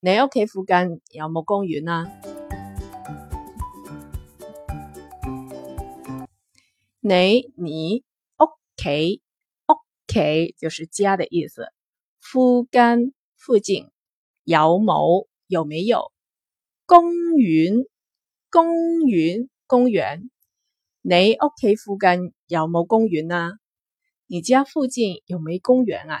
你屋企附近有冇公園啊？你你屋企屋企就是家的意思，附近附近有冇有沒有公園？公園公園，你屋企附近有冇公園啊？你家附近有沒公園啊？